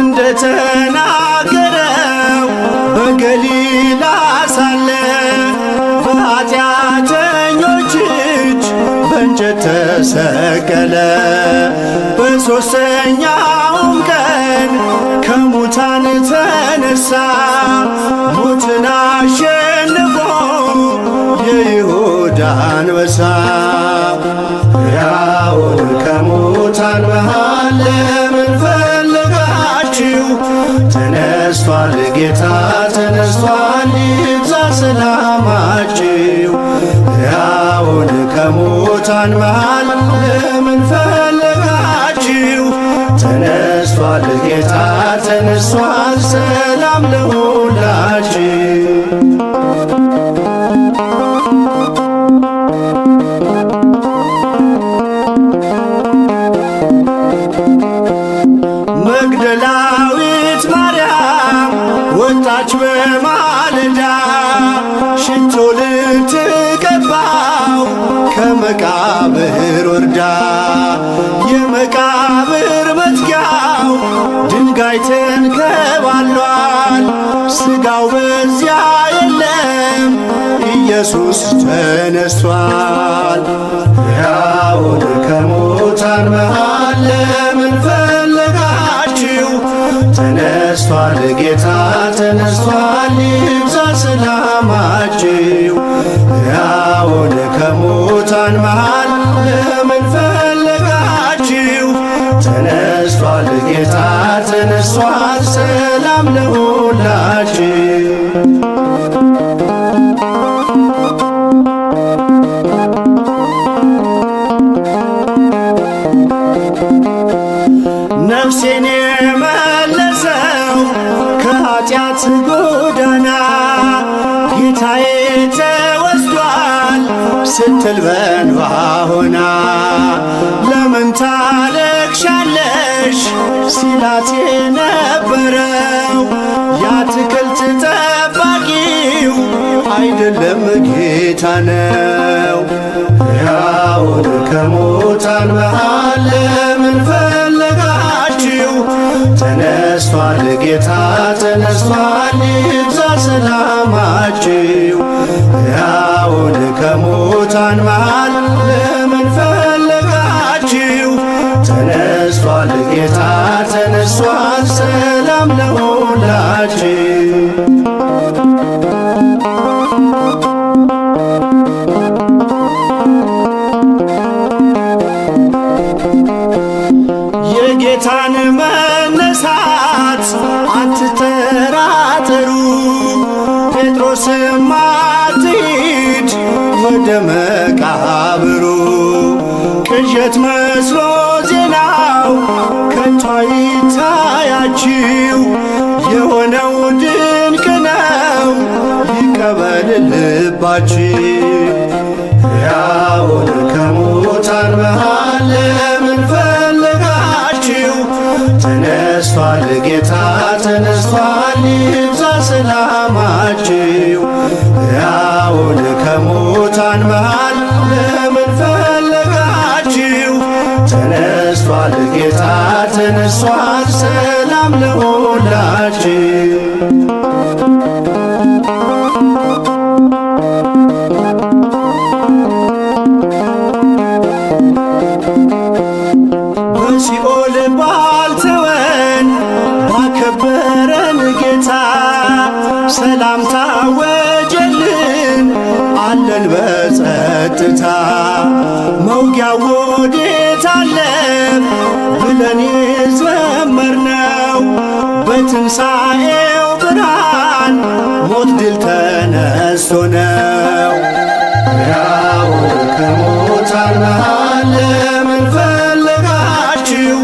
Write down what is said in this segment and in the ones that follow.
እንደተናገረው በገሊላ ሳለ በኃጢአተኞች እጅ በእንጨት ተሰቀለ። በሦስተኛውም ቀን ከሙታን ተነሳ፣ ሞትን አሸንፎ የይሁዳ አንበሳ ሕያውን ከሙታን መሃል ለመንፈስ ተነስቷል ጌታ ተነስቷል፣ ይብዛ ሰላማችሁ። ሕያውን ከሙታን መሃል ለምን ፈለጋችሁ? ተነስቷል ጌታ ተነስቷል፣ ሰላም ለሁላችሁ። መቃብር ወርዳ የመቃብር መትጊያው ድንጋይ ተንከባሏል። ስጋው በዚያ የለም ኢየሱስ ተነሷል ። ያውድ ከሞታን መሃል ለመንፈስ ተነስቷል፣ ጌታ ተነስቷል፣ ይብዛ ሰላማችሁ። ሕያውን ከሙታን መሃል ለምን ፈለጋችሁ? ተነስቷል፣ ጌታ ተነስቷል፣ ሰላም ለሁላችሁ። ስትል በእንባ ሆና ለምን ታለቅሻለሽ ሲላት የነበረው የአትክልት ጠባቂው አይደለም ጌታ ነው። ሕያውን ከሙታን መሃል ለምን ፈለጋችሁ? ተነስቷል ጌታ ከሙታን መሃል ለምን ፈለጋችሁ? ተነስቷል ጌታ ተነስቷል፣ ሰላም ለሁላችሁ። ጌታ ተነስቷል፣ ይብዛ ሰላማችሁ። ሕያውን ከሙታን መሃል ለምን ፈለጋችሁ? ተነስቷል ጌታ ተነስቷል፣ ሰላም ለሁላችሁ። ኪዳን መሃል ለምን ፈለጋችሁ?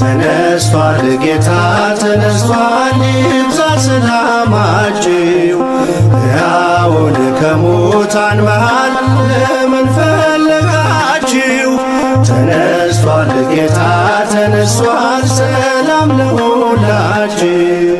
ተነስቷል ጌታ ተነስቷል፣ ይብዛ ሰላማችሁ። ሕያውን ከሙታን መሃል ለምን ፈለጋችሁ? ተነስቷል ጌታ ተነስቷል፣ ሰላም ለሁላችሁ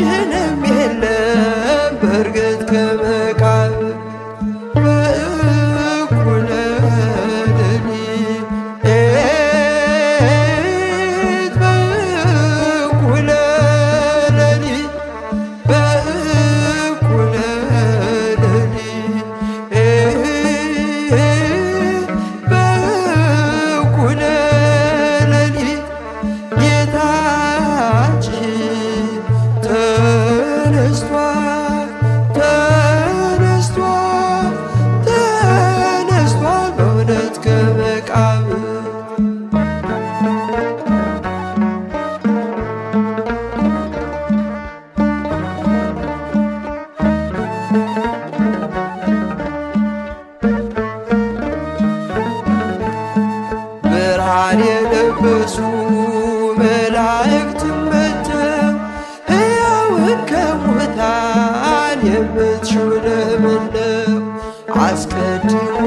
imagine it. የለበሱ መላእክትን መተው ሕያውን ከሙታን የምትሹ ለምነው አስቀድሞ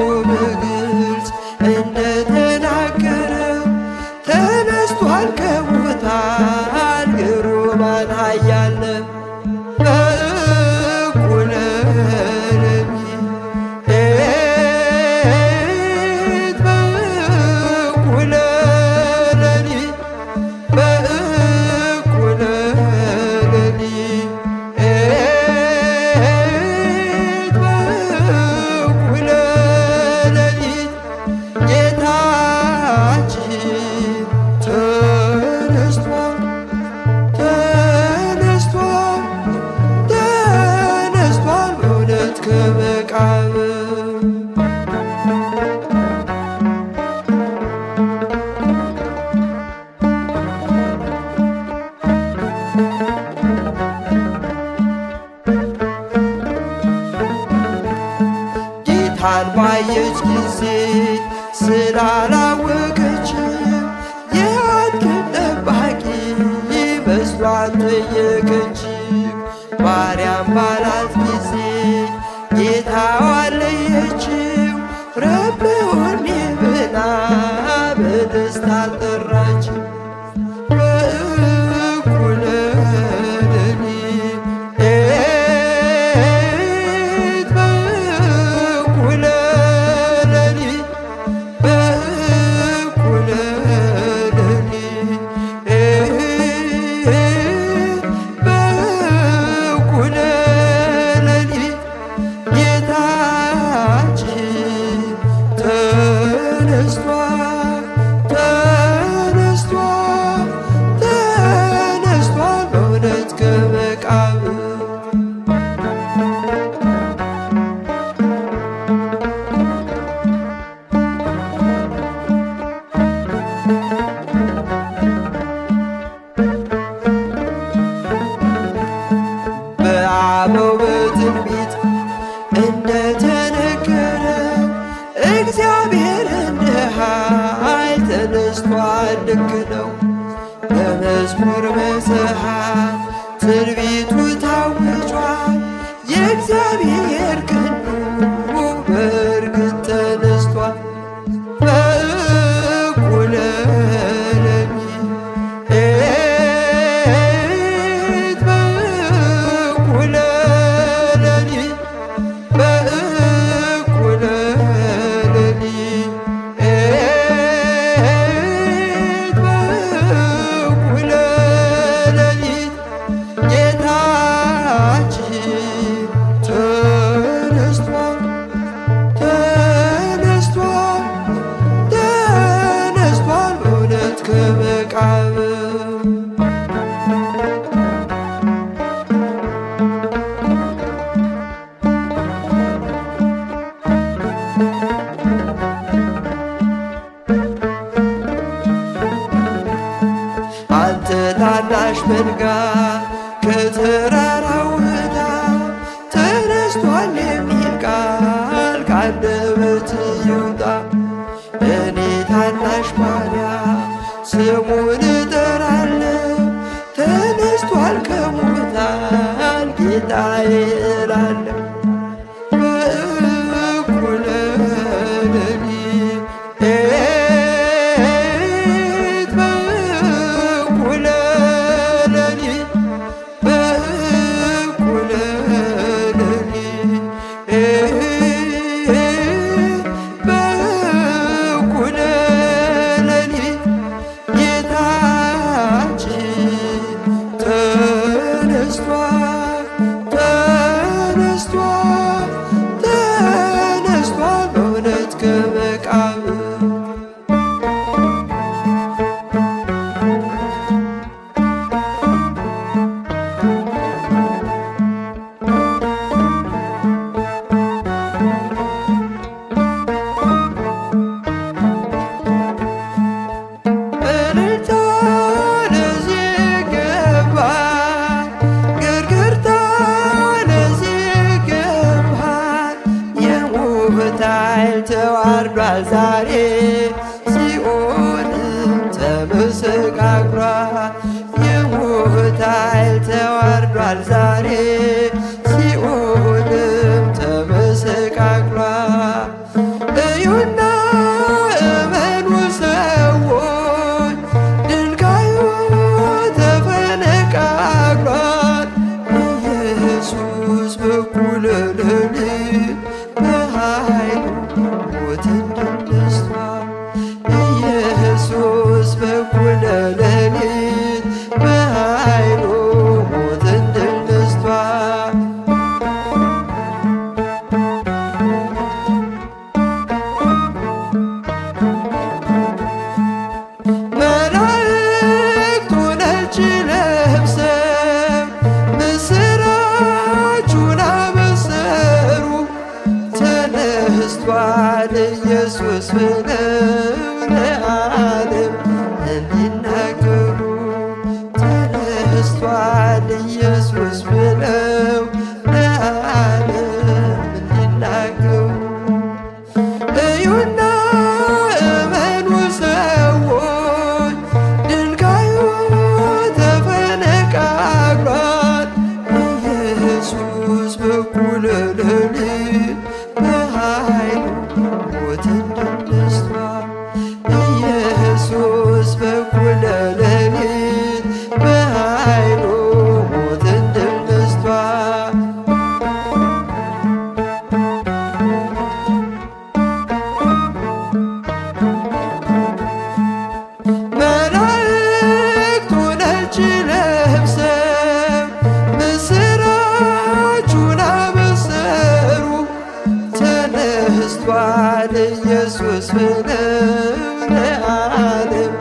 ትንቢቱ ታውጇል የእግዚአብሔር መንጋ ከተራራው እዳ ተነስቷል የሚል ቃል ካንደበት ይውጣ። እኔ ታናሽ ባሪያ ስሙን እጠራለሁ ተነስቷል ከሙታን ጌታዬ histoire ቅዱስ ብለው ለዓለም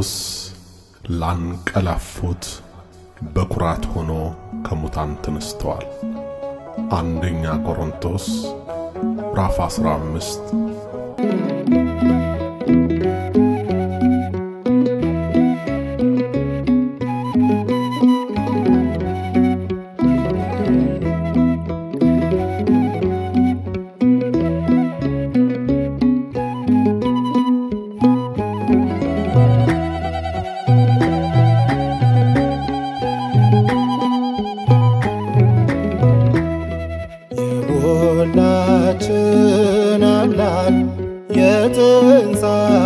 ክርስቶስ ላንቀላፉት በኩራት ሆኖ ከሙታን ተነስተዋል። አንደኛ ቆሮንቶስ ራፍ 15 የትንሣኤ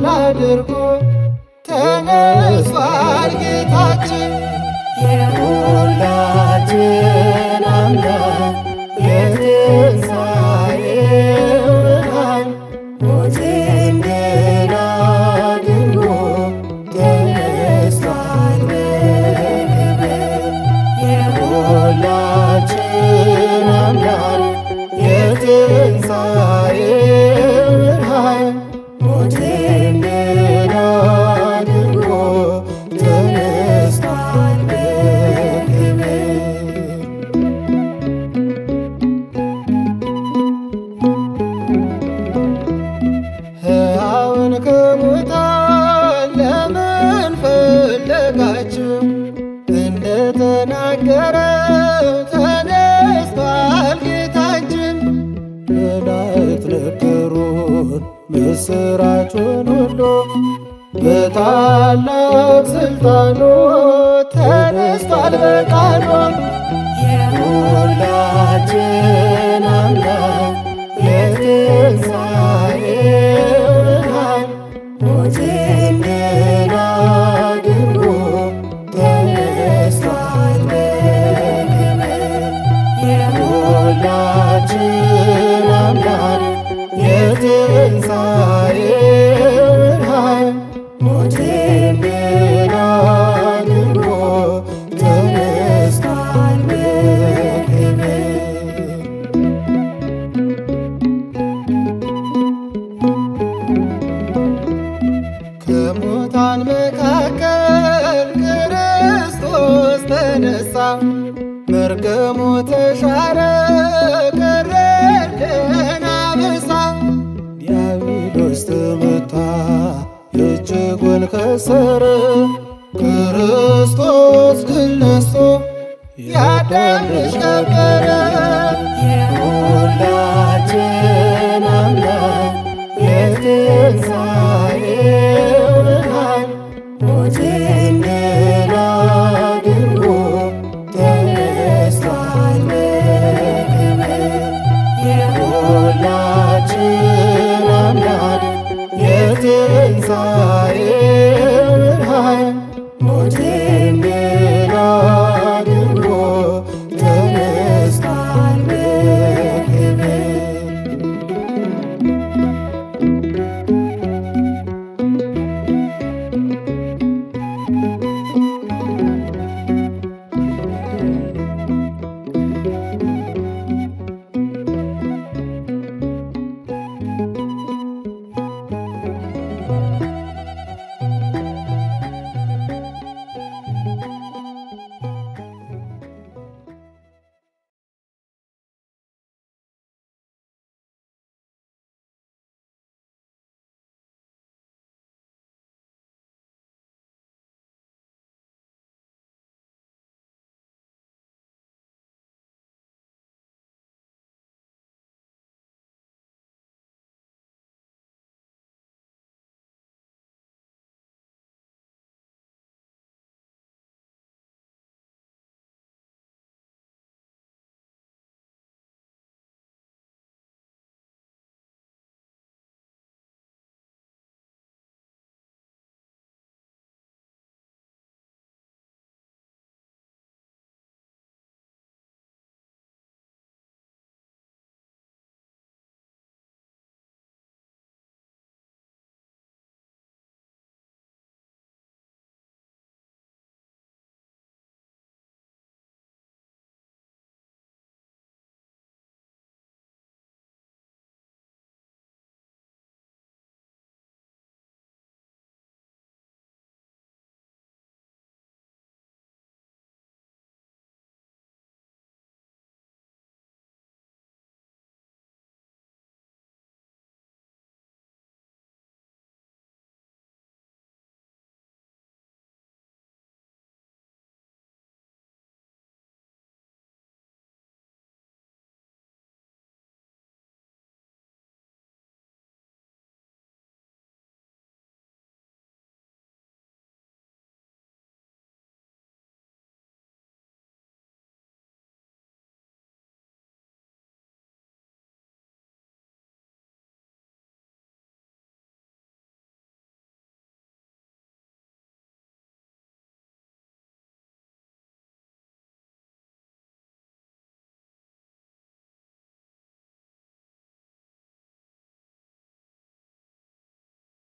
ድል አድርጎ ተነስቷል ጌታችን የሁላችን አምላክ በታላቅ ስልጣኑ መርገሙ ተሻረ ቀረደና ብሳ ዲያብሎስ ተመታ የእጅጉን ከሰረ ክርስቶስ ግን ነስቶ ያዳነሽ ነበረ Марго.